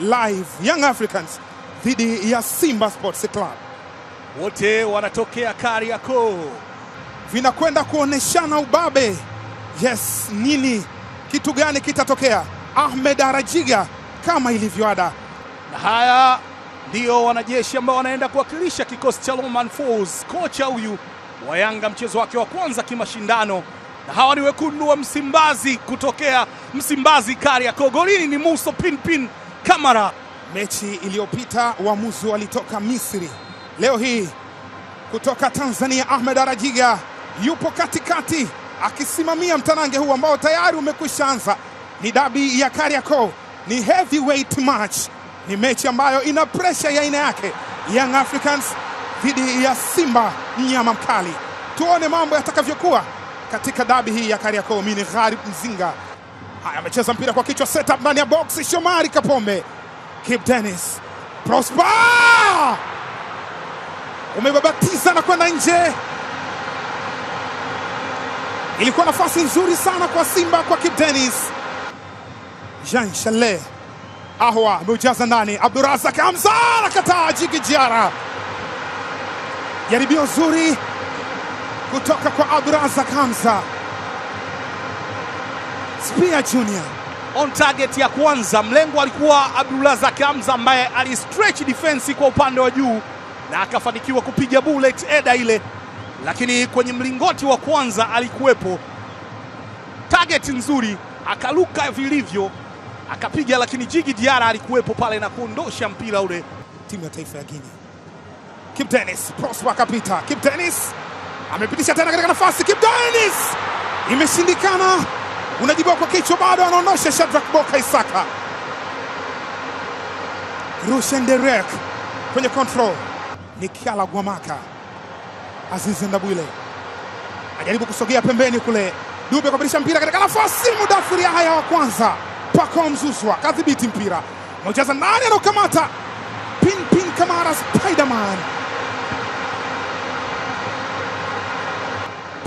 live Young Africans dhidi ya Simba Sports Club, wote wanatokea Kariakoo, vinakwenda kuoneshana ubabe. Yes, nini kitu gani kitatokea? Ahmed Arajiga kama ilivyo ada, na haya ndiyo wanajeshi ambao wanaenda kuwakilisha kikosi cha roman Folz, kocha huyu wa Yanga, mchezo wake wa kwanza kimashindano na hawa ni wekundu wa Msimbazi kutokea Msimbazi Kariakoo. Golini ni Muso Pinpin Kamara. Mechi iliyopita uamuzi walitoka Misri, leo hii kutoka Tanzania. Ahmed Arajiga yupo katikati akisimamia mtanange huu ambao tayari umekwisha anza. Ni dabi ya Kariakoo, ni heavyweight match, ni mechi ambayo ina presha ya aina yake. Young Africans dhidi ya Simba mnyama mkali. Tuone mambo yatakavyokuwa katika dabi hii ya Kariakoo. Mimi ni Gharib Mzinga. Haya, amecheza mpira kwa kichwa, set up ndani ya box Shomari Kapombe, Kip Dennis, Prosper umebabatiza na kwenda nje. Ilikuwa nafasi nzuri sana kwa Simba, kwa Kip Dennis. Jean Shale Ahwa ameujaza ndani, Abdurazak Hamza anakataa. Jiki Jiara, jaribio zuri kutoka kwa Abdurazak Hamza. Spear Junior on target ya kwanza, mlengo alikuwa Abdulrazak Hamza ambaye alistretch defense kwa upande wa juu na akafanikiwa kupiga bullet eda ile, lakini kwenye mlingoti wa kwanza alikuwepo target nzuri, akaluka vilivyo akapiga, lakini Jigi Diara alikuwepo pale na kuondosha mpira ule. Timu ya taifa ya Guinea, Kibu Denis Prosper akapita, Kibu Dennis amepitisha tena katika nafasi, Kibu Dennis imeshindikana unajibiwa kwa kichwa, bado anaonosha Shadrack Boka Isaka. Rushen Derek kwenye control, ni Kiala Gwamaka, Azizi Ndabwile ajaribu kusogea pembeni kule, Dube kubadilisha mpira katika nafasi, Mudathiri haya wa kwanza, Pako Mzuzwa kadhibiti mpira, mcheza nani anaokamata, Pinpin Kamara Spiderman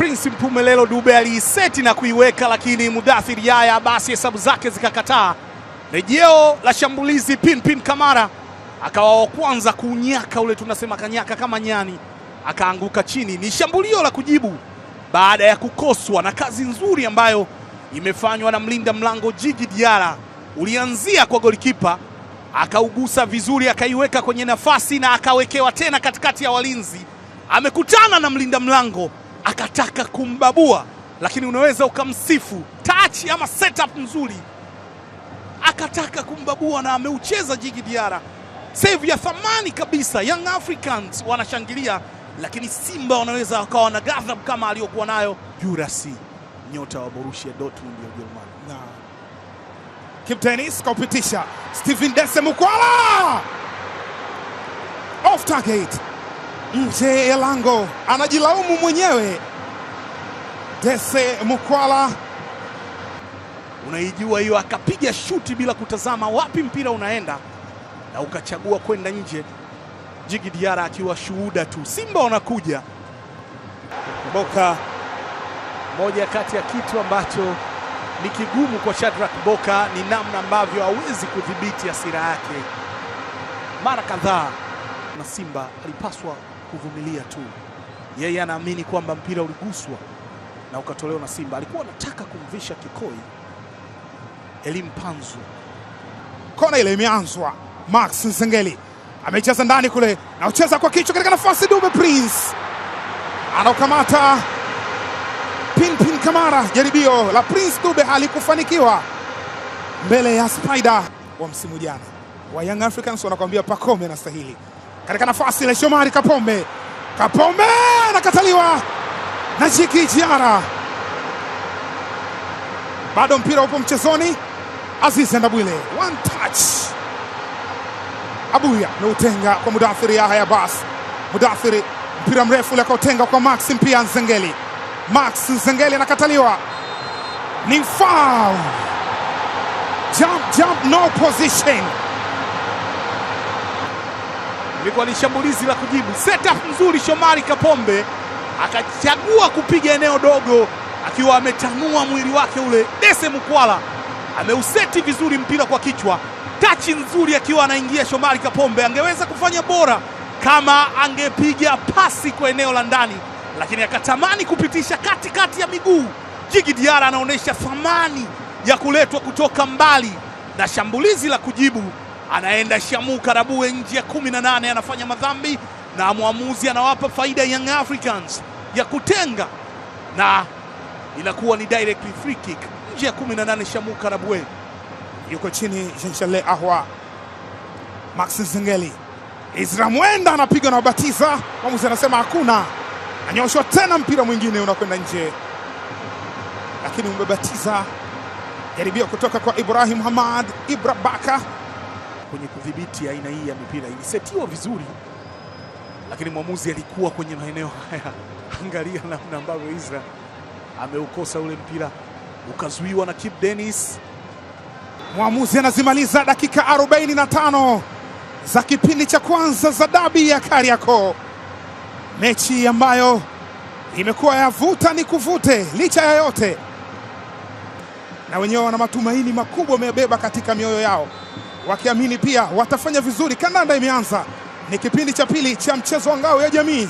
Prince Mpumelelo Dube aliiseti na kuiweka, lakini Mudathir Yaya basi hesabu zake zikakataa. Rejeo la shambulizi Pinpin Kamara akawa wa kwanza kuunyaka ule, tunasema kanyaka kama nyani, akaanguka chini. Ni shambulio la kujibu baada ya kukoswa, na kazi nzuri ambayo imefanywa na mlinda mlango Jigi Diara. Ulianzia kwa golikipa akaugusa vizuri, akaiweka kwenye nafasi na akawekewa tena katikati ya walinzi, amekutana na mlinda mlango akataka kumbabua, lakini unaweza ukamsifu tachi ama setup nzuri, akataka kumbabua na ameucheza Jigi Diara, save ya thamani kabisa. Young Africans wanashangilia, lakini Simba wanaweza wakawa na ghadhabu kama aliyokuwa nayo Jurasi, nyota wa Borussia Dortmund ya Ujerumani. Na Kiptenis kaupitisha Stephen Dese Mukwala off target ya Elango anajilaumu mwenyewe. Dese Mukwala unaijua hiyo, akapiga shuti bila kutazama wapi mpira unaenda na ukachagua kwenda nje. Jigi Diara akiwa shuhuda tu, Simba wanakuja. Boka moja kati ya kitu ambacho ni kigumu kwa Shadrack Boka ni namna ambavyo hawezi kudhibiti hasira yake mara kadhaa, na Simba alipaswa kuvumilia tu. Yeye anaamini kwamba mpira uliguswa na ukatolewa na Simba. Alikuwa anataka kumvisha kikoi elimu panzu. Kona ile imeanzwa, Max sengeli amecheza ndani kule na ucheza kwa kichwa katika nafasi, Dube Prince anaokamata Pinpin Kamara. Jaribio la Prince Dube halikufanikiwa mbele ya Spider wa msimu jana wa Young Africans, wanakuambia Pacome anastahili katika nafasi ile Shomari Kapombe. Kapombe anakataliwa na Jiki Jiara, bado mpira upo mchezoni. Aziz Ndabwile one touch, Abuya ameutenga kwa Mudathiri Yahya Bas. Mudathiri mpira mrefu ule akautenga kwa Max Mpia Nzengeli. Max Nzengeli anakataliwa, ni foul. Jump, jump, no position ilikuwa ni shambulizi la kujibu, up nzuri. Shomari Kapombe akachagua kupiga eneo dogo akiwa ametanua mwili wake ule. Dese Mkwala ameuseti vizuri mpira kwa kichwa, tachi nzuri akiwa anaingia. Shomari Kapombe angeweza kufanya bora kama angepiga pasi kwa eneo la ndani, lakini akatamani kupitisha katikati kati ya miguu. Jigi Diara anaonyesha thamani ya kuletwa kutoka mbali na shambulizi la kujibu anaenda Shamu Karabue nje ya 18 anafanya madhambi na mwamuzi anawapa faida Young Africans ya kutenga na inakuwa ni direct free kick nje ya 18 Shamu Karabue yuko chini Jean-Charles Ahwa Max Zingeli, Izra Mwenda anapiga na wabatiza, mwamuzi anasema hakuna, anyoshwa tena, mpira mwingine unakwenda nje, lakini umebatiza. Jaribio kutoka kwa Ibrahim Hamad Ibra Baka kwenye kudhibiti aina hii ya mipira. Ilisetiwa vizuri, lakini mwamuzi alikuwa kwenye maeneo haya. Angalia namna ambavyo isra ameukosa ule mpira, ukazuiwa na Kip Dennis. Mwamuzi anazimaliza dakika 45 za kipindi cha kwanza za dabi ya Kariakoo, mechi ambayo imekuwa yavuta ni kuvute licha ya yote, na wenyewe wana matumaini makubwa wameyabeba katika mioyo yao wakiamini pia watafanya vizuri. Kandanda imeanza, ni kipindi cha pili cha mchezo wa ngao ya jamii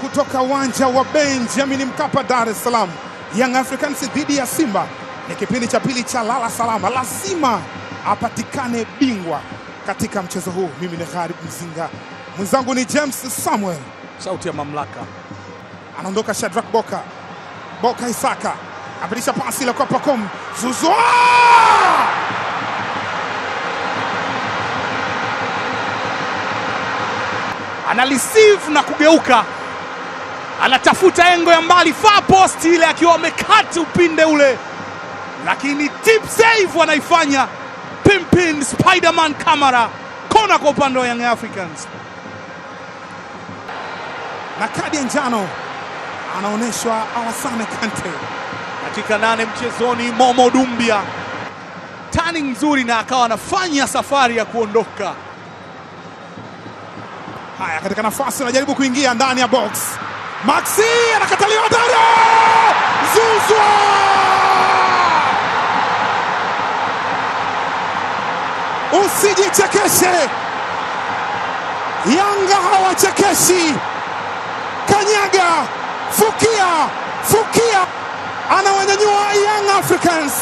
kutoka uwanja wa Benjamin Mkapa, Dar es Salaam. Young Africans dhidi ya Simba ni kipindi cha pili cha lala salama, lazima apatikane bingwa katika mchezo huu. Mimi ni Gharib Mzinga, mwenzangu ni James Samuel, sauti ya mamlaka. Anaondoka Shadrack Boka, Boka Isaka apitisha pasi ile kwa Pacome Zouzoua ana receive na kugeuka, anatafuta engo ya mbali far post ile, akiwa amekati upinde ule, lakini tip save anaifanya Pimpin Spiderman Kamara, kona kwa upande wa Young Africans. Na kadi ya njano anaonyeshwa Alassane Kante dakika nane mchezoni. Momo Dumbia tani nzuri na akawa anafanya safari ya kuondoka. Haya, katika nafasi anajaribu kuingia ndani ya box. Maxi anakataliwa ndani. Zuzwa usijichekeshe, Yanga hawachekeshi. Kanyaga, fukia, fukia, anawanyanyua Young Africans.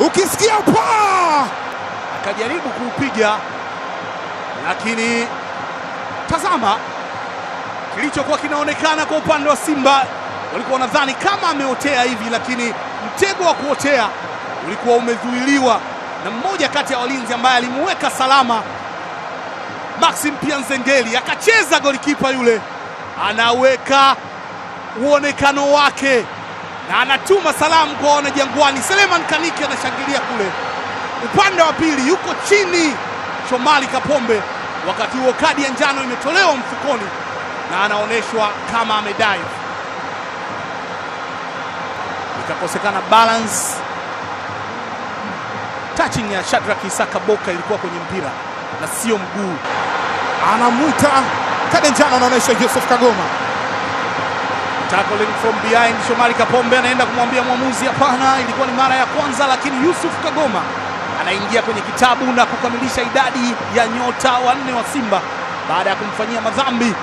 Ukisikia paa, akajaribu kuupiga lakini tazama kilichokuwa kinaonekana kwa upande wa Simba. Walikuwa wanadhani kama ameotea hivi, lakini mtego wa kuotea ulikuwa umezuiliwa na mmoja kati ya walinzi ambaye alimweka salama Maxim Nzengeli akacheza golikipa yule, anaweka uonekano wake na anatuma salamu kwa wanajangwani. Seleman Kaniki anashangilia kule upande wa pili, yuko chini shomari Kapombe. Wakati huo kadi ya njano imetolewa mfukoni na anaonyeshwa kama amedai, ikakosekana balance. Touching ya Shadrack Isaka Boka ilikuwa kwenye mpira na sio mguu. Anamwita kadi ya njano, anaonyesha Yusuf Kagoma. Tackling from behind, Shomari Kapombe anaenda kumwambia mwamuzi hapana. Ilikuwa ni mara ya kwanza, lakini Yusuf Kagoma anaingia kwenye kitabu na kukamilisha idadi ya nyota wanne wa Simba baada ya kumfanyia madhambi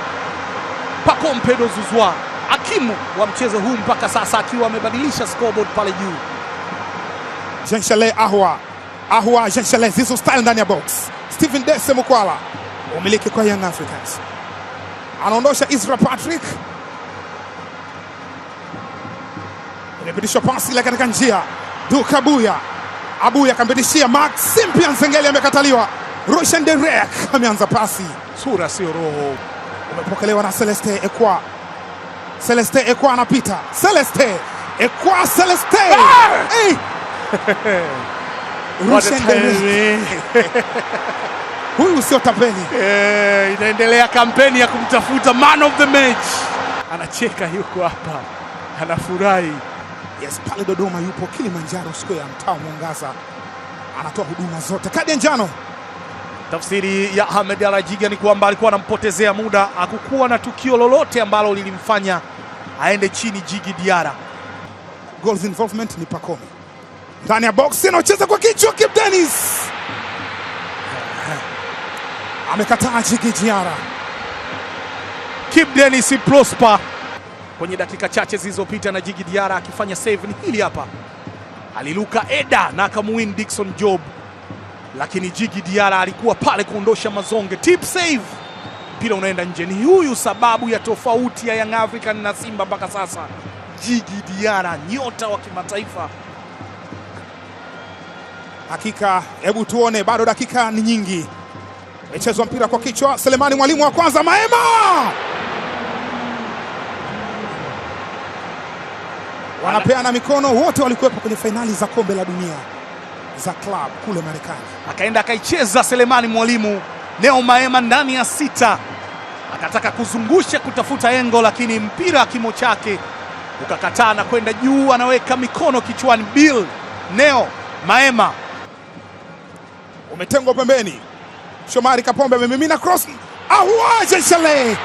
Pacome Pedro Zuzwa, hakimu wa mchezo huu mpaka sasa, akiwa amebadilisha scoreboard pale juu. Jean Charles Ahwa Ahwa, Jean Charles Zizo style ndani ya box. Stephen Dese Mukwala umiliki kwa Young Africans, anaondosha Isra Patrick, imepitishwa pasi ile katika njia Dukabuya Abuya akambitishia Max Simpia, Nzengeli amekataliwa. Roshan Derek ameanza pasi, sura sio roho, umepokelewa na Celeste Ekwa. Celeste Ekwa anapita, Celeste Ekwa, Celeste hey! Roshan Derek huyu sio tapeli eh, inaendelea kampeni ya kumtafuta man of the match. Anacheka yuko hapa, anafurahi. Yes, pale Dodoma yupo Kilimanjaro Square ya mtaa Mwangaza, anatoa huduma zote. Kadi ya njano. Tafsiri ya Ahmed Arajiga ni kwamba alikuwa anampotezea muda, hakukuwa na tukio lolote ambalo lilimfanya aende chini. Jigi Diara, goals involvement ni Pakome ndani ya box, anacheza kwa kichwa. Kip Dennis amekataa. Jigi Diara, Kip Dennis Prosper kwenye dakika chache zilizopita na Jigi Diara akifanya save. Ni hili hapa, aliluka Eda na akamwin Dickson Job, lakini Jigi Diara alikuwa pale kuondosha mazonge, tip save, mpira unaenda nje. Ni huyu sababu ya tofauti ya Young African na Simba mpaka sasa. Jigi Diara, nyota wa kimataifa hakika. Hebu tuone, bado dakika ni nyingi, mechezwa mpira kwa kichwa. Selemani Mwalimu wa kwanza, Maema wanapeana mikono, wote walikuwepo kwenye fainali za kombe la dunia za club kule Marekani. Akaenda akaicheza Selemani Mwalimu Neo Maema ndani ya sita, akataka kuzungusha kutafuta engo, lakini mpira kimo chake ukakataa na kwenda juu, anaweka mikono kichwani. Bill Neo Maema umetengwa pembeni. Shomari Kapombe amemimina cross, ahuaje shale,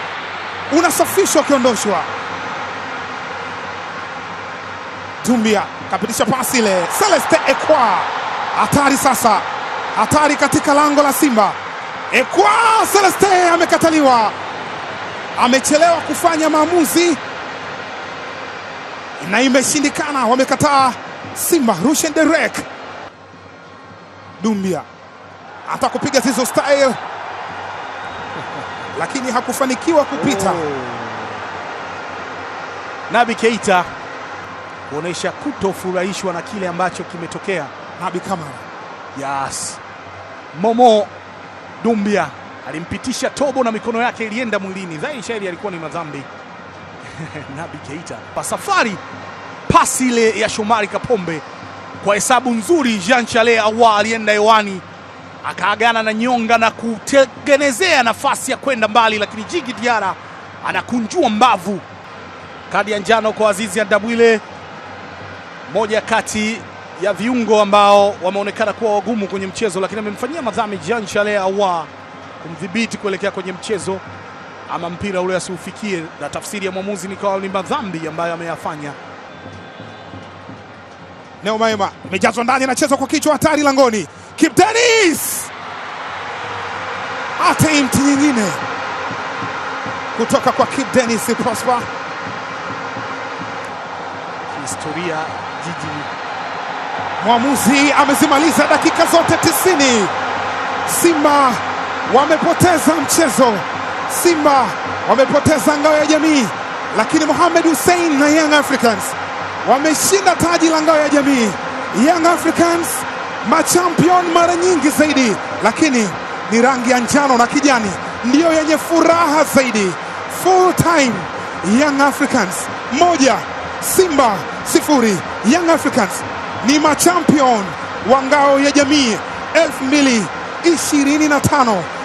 unasafishwa, ukiondoshwa Dumbia kapitisha pasi ile, Celeste Ekwa, hatari sasa, hatari katika lango la Simba. Ekwa Celeste amekataliwa, amechelewa kufanya maamuzi na imeshindikana, wamekataa Simba. Rushen Derek Dumbia atakupiga Zizo style lakini hakufanikiwa kupita. Oh. Nabi Keita kuonesha kutofurahishwa na kile ambacho kimetokea. Nabi Kamara, yes. Momo Dumbia alimpitisha Tobo na mikono yake ilienda mwilini, dhahiri shairi alikuwa ni madhambi Nabi Keita pa safari, pasi ile ya Shomari Kapombe kwa hesabu nzuri, Jean Chale Ahoua alienda hewani akaagana na nyonga na kutengenezea nafasi ya kwenda mbali, lakini Jigi diara anakunjua mbavu. Kadi ya njano kwa Azizi Ndabwile moja kati ya viungo ambao wameonekana kuwa wagumu kwenye mchezo, lakini amemfanyia madhambi Jean Charles Ahoua kumdhibiti kuelekea kwenye mchezo, ama mpira ule asiufikie, na tafsiri ya mwamuzi nikawa ni madhambi ambayo ameyafanya. Neumaima imejazwa ndani, anachezwa kwa kichwa, hatari langoni. Kip Dennis nyingine kutoka kwa Kip Dennis Prosper historia jiji. Mwamuzi amezimaliza dakika zote tisini. Simba wamepoteza mchezo, Simba wamepoteza ngao ya jamii, lakini Mohamed Hussein na Young Africans wameshinda taji la ngao ya jamii. Young Africans machampion mara nyingi zaidi, lakini ni rangi ya njano na kijani ndiyo yenye furaha zaidi. Full time Young Africans moja Simba sifuri. Young Africans ni machampion wa ngao ya jamii elfu mbili ishirini na tano.